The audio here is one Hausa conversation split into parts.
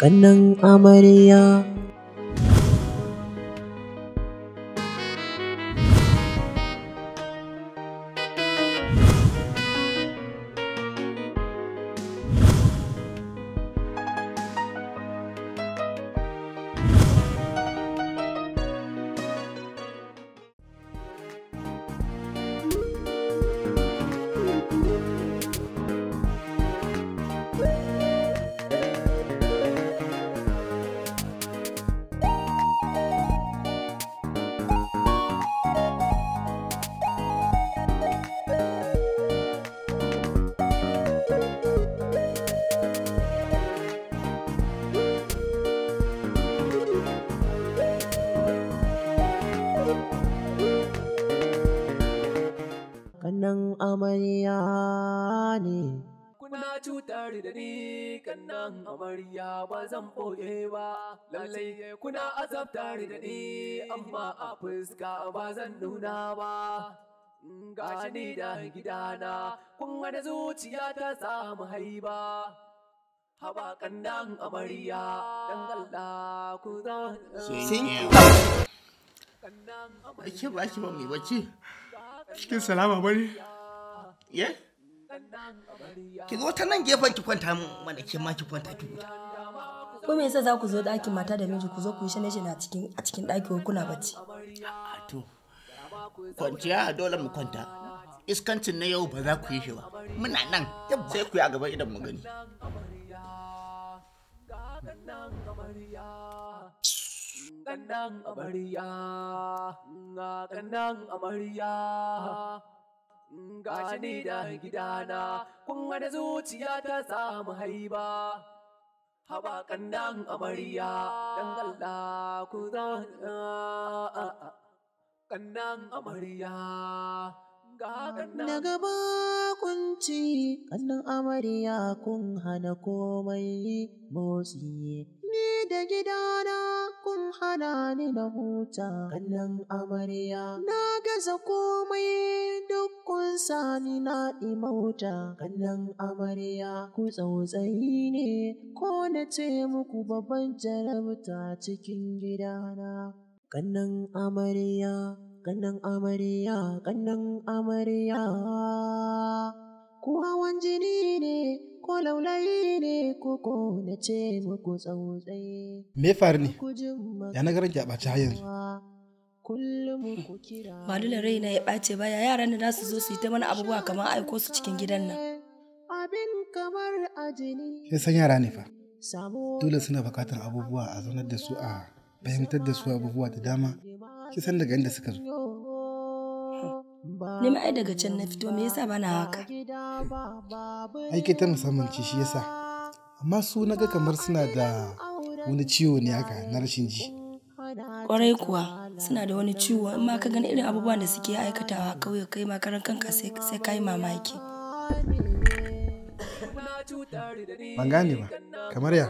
ƙannan amarya amarya ne. Kuna cutar da ni kan nan amarya ba zan ɓoye ba, lallai kuna azabtar da ni amma a fuska ba zan nuna ba. Gashi ni da gidana, kun da zuciya ta samu haiba. Haba kan nan amarya, dan Allah ku za. Ake ba ake ba mai bacci. Cikin salama bari. ye ki zo ta nan gefen ki kwanta mana ki ma ki kwanta ki huta ko me yasa za ku zo ɗakin mata da miji ku zo ku yi shane shane a cikin a cikin ɗaki kuna bacci a ah, to kwanciya dole mu kwanta iskancin na yau ba za ku yi shi ba muna nan sai ku yi a gaban idan mu gani Kanang amarya, kanang amarya, gashi ni da gidana kun da zuciya ta samu haiba haba kandan amarya dan Allah ku za kandan amarya Na gaba kunci, kannan amarya kun hana komai motsi. Ni da gidana kun hana ni na huta, kannan amarya. Na gaza komai duk kun sani na imauta, kannan amarya. Ku tsautsayi ne, ko na ce muku babban jarabta cikin gidana, kannan amarya. Ƙannan amarya, ƙannan amarya. Ku hawan jini ne, ko laulayi ne, ko ko na ce muku tsautsaye. Me fari ne? Ya na garin gyaɓaci har yanzu. Malula raina ya ɓace baya yaran da nasu zo su yi ta mana abubuwa kamar aiko su cikin gidan nan. Abin kamar a jini. Ya san yara ne fa. Dole suna bukatar abubuwa a zaunar da su a fahimtar da su abubuwa da dama ki san daga inda suka zo ni ma ai daga can na fito me yasa bana haka ai ke ta musamman ce shi yasa amma su ga kamar suna da wani ciwo ne haka na rashin ji kwarai kuwa suna da wani ciwo in ma ka gani irin abubuwan da suke aikatawa kauye kai ma karan kanka sai kai mamaki Ban gane ba, kamar ya.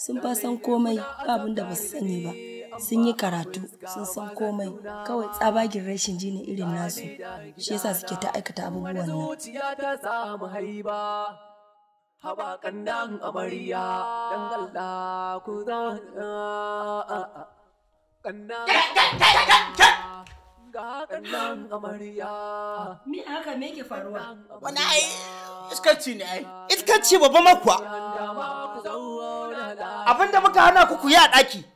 Sun fa san komai abin da ba su sani ba. Sun yi karatu, sun san komai, kawai tsabagin rashin ji ne irin nasu. Shi yasa suke ta aikata abubuwan nan. Hawa kandan amarya, dan galda ku za Kallon amarya. Me haka me ke faruwa? Wani ai iskanci ne ai. Iskanci babba makuwa. Abin da muka hana kuku yi a ɗaki.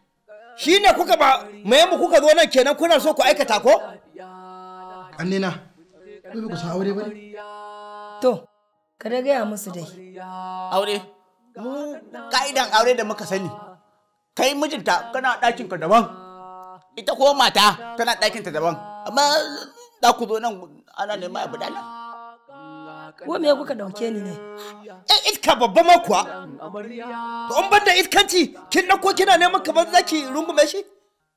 Shi ne kuka ba mai mu kuka zo nan kenan kuna so ku aikata ko? Annina, ku ku sa aure ba ne? To, ka da gaya musu dai. Aure? Mu ka'idan aure da muka sani. Kai mijinta kana ɗakinka daban. Ita ko mata tana ɗakinta daban. amma za ku zo nan ana nema ya budala. ko me kuka dauke ni ne eh iska babba ma kuwa to an banda iskanci kin dauko kina neman kamar zaki rungume shi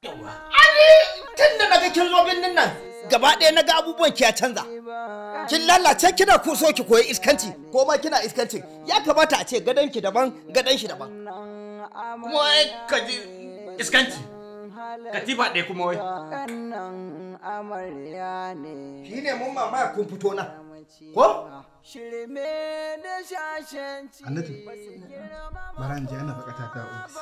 Ali tun da naga kin zo binnin nan gaba ɗaya naga abubuwan ki ya canza kin lalace kina ku so ki koyi iskanci ko ma kina iskancin ya kamata a ce gadan ki daban gadan shi daban kuma ka ji iskanci Katifa ɗaya kuma wai. Wannan amarya ne. Shi ne mun kun fito na. Ko? Shirme da shashanci. Annatu, Maran ji ta ofis.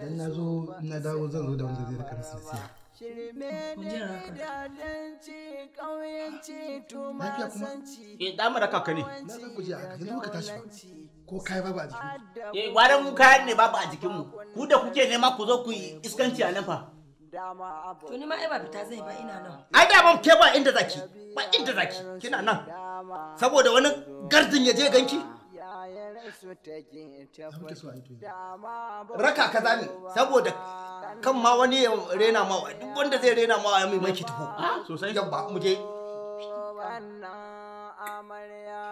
Dan na zo na dawo zan zo da wanda zai rika nasa siya. shirme ne dalanci ƙauyenci to masanci eh, ne na ko kai babu a jikin eh waran mu kayan ne babu a jikin ku da kuke nema ku zo ku yi iskanci a nan fa to ni ma ai ba fita zai ba ina nan ai da ban ke ba inda zaki ba inda zaki kina nan saboda wani gardin ya je ganki raka ka zami saboda kan ma wani ya rena ma duk wanda zai rena ma ya mai maki sosai yabba mu je amarya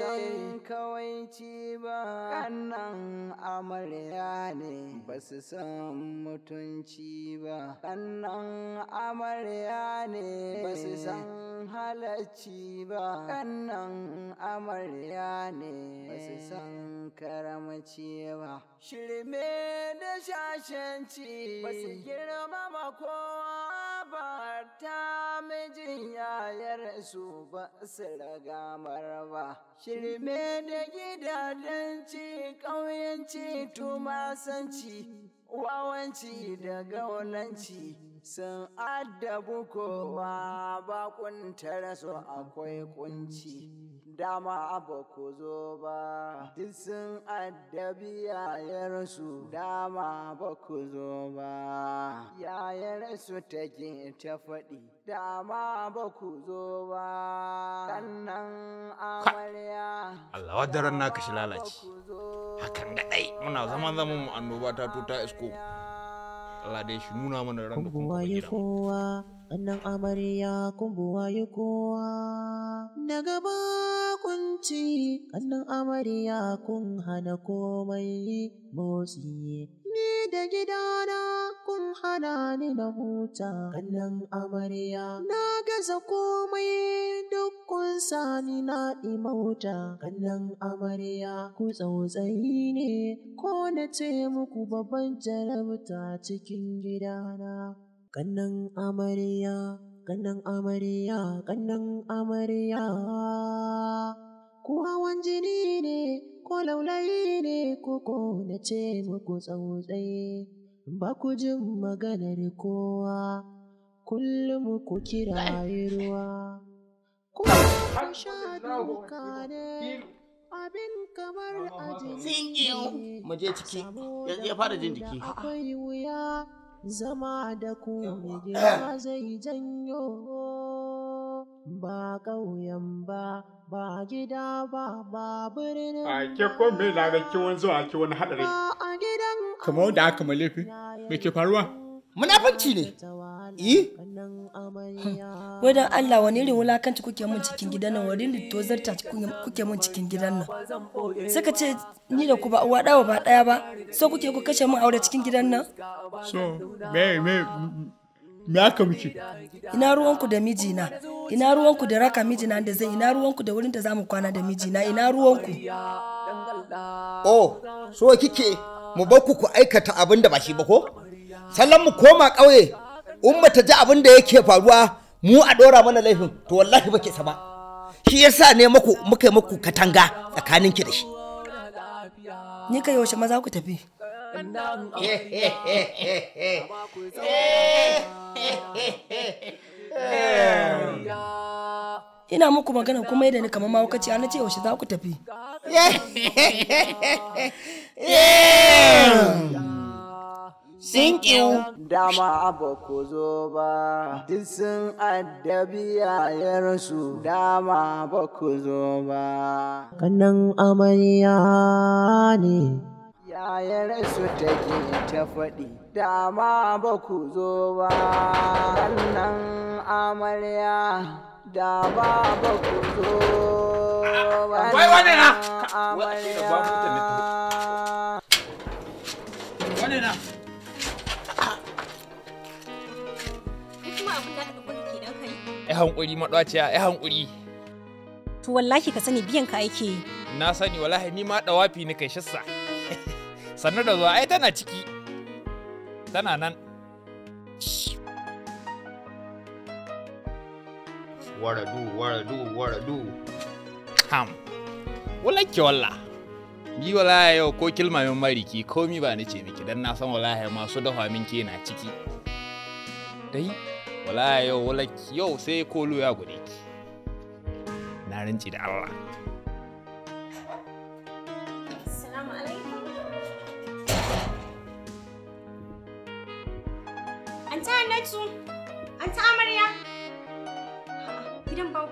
san eh. kawaici ba kannan amarya ne ba su san mutunci ba kannan amarya ne ba su san halacci ba kannan amarya ne ba su san karamci ba shirme da shashanci ba su girmama kowa makabarta mijin yayar su ba su raga marwa. Shirme da ci, ƙauyenci tumasanci, wawanci da gaunanci sun addabu kowa bakuntar su akwai kunci. dama abu ku zo ba duk sun addabi yayarsu dama ba ku zo ba yayarsu take ta faɗi dama ba ku zo ba sannan amarya Allah wa daren na kashi lalaci hakan da ɗai muna zaman zaman mu annoba ta tuta isko Allah dai shi nuna mana ran da kuma gida Wannan amarya kumbuwa yi kowa. Na gaba kun ci, amarya kun hana komai motsi. Ni da gidana kun hana ni na huta, ƙannan amarya. Na gaza komai duk kun sani na imauta, ƙannan amarya. Ku tsautsayi ne, ko na ce muku babban jarabta cikin gidana. Ƙannan amarya, ƙannan amarya, ƙannan amarya. ko hawan jini ne, ko laulayi ne, ko ko na ce muku tsautsaye. Ba ku jin maganar kowa, kullum ku kira ruwa. ko sha duka ne. abin kamar a Mu ciki, ya fara jin jiki. Akwai wuya. zama da ku girma zai janyo ba ƙauyen ba ba gida ba ba birnin a ke ko me na ga kiwon zuwa ki wani hadari kamar da aka malafi mai ke faruwa munafunci ne eh wai dan Allah wani irin wulakanci kuke mun cikin gidan nan wani irin tozarta kuke mun cikin gidan nan suka ce ni da ku ba uwa ɗawa ba ɗaya ba so kuke ku kashe mun aure cikin gidan nan so me me me aka miki ina ruwanku da mijina ina ruwanku da raka mijina da zai ina ruwanku da wurin da zamu kwana da mijina ina ruwanku oh so kike mu bar ku ku aikata abin da ba shi ba ko sallan mu koma ƙauye in ta ji abin da yake faruwa mu a ɗora mana laifin to wallahi baki sama shi yasa ne muku muka yi muku katanga tsakanin ki da shi ni ka yaushe maza ku tafi ina muku magana kuma yadda ni kamar mawukaci ana ce yaushe za ku tafi you. Dama abu ku zo ba, duk sun addabi yayarsu dama ba ku zo ba. amarya ne. Yayarsu take ta faɗi, dama ba ku zo ba. amarya da ba ba zo Wai wane na? Amarya. Wane hankuri maɗwaciya ya hankuri to wallahi ka sani biyan ka aiki na sani wallahi ni ma wafi ni kai shissa sannu da zuwa ai tana ciki tana nan waradu waradu waradu ham walakke walla ni wallahi yau ko kilmamin mariki komi ba ni ce miki dan na san wallahi masu dafa min ke na ciki dai wallahi yau walaki yau sai kolo ya gure ki na rinci da Allah Anta Annatu, Amarya. Gidan ba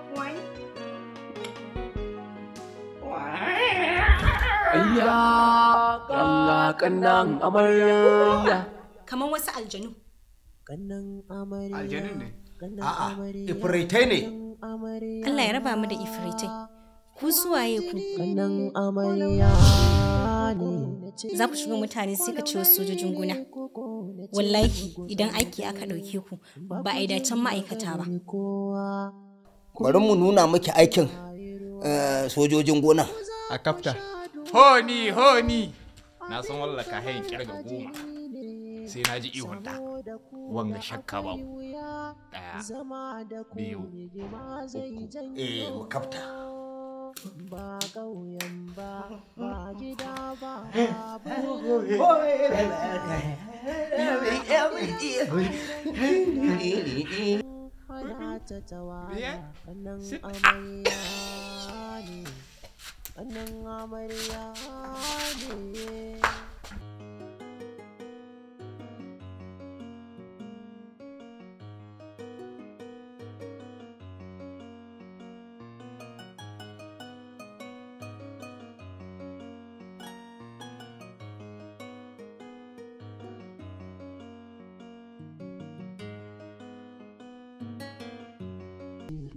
Kamar wasu aljanu. kannan amarya aljanin ne a'a ifritai ne Allah ya raba mu da ifritai ku suwaye ku kannan amarya za ku shiga mutane sai ka ce wasu sojojin gona wallahi idan aiki aka ɗauke ku ba a dacen ma'aikata ba bari mu nuna miki aikin eh, sojojin gona a kafta honi honi na san wallaka hayin kirga goma sai na ji ihun ta wanga shakka ba mu ɗaya biyu uku eh mu kafta ba kauyen ba ba gida ba ana ta nan amarya ne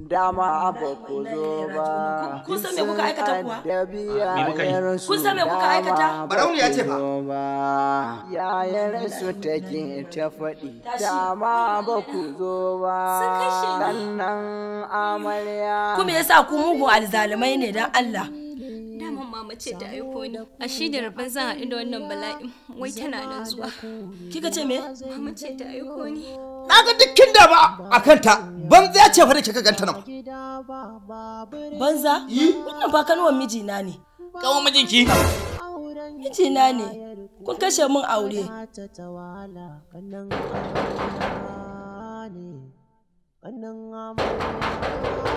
dama ba ku zo ba. Kun san me kuka aikata kuwa? Me kuka yi? Kun san me kuka aikata? Barauni ya ce ba. Yayar su take ta faɗi. Dama ba ku zo ba. Sun kashe ni. Sannan amarya. Kuma yasa ku mugu alzalimai ne dan Allah. mace ta aiko ni a shi da rabin zan haɗu da wannan bala'in wai tana nan zuwa kika ce me mace ce ta aiko ni na ga dukkin da ba a kanta banza ce fa da kika ganta nan banza yi wannan ba kanuwan na ne kawo mijinki na ne kun kashe min aure Anang wannan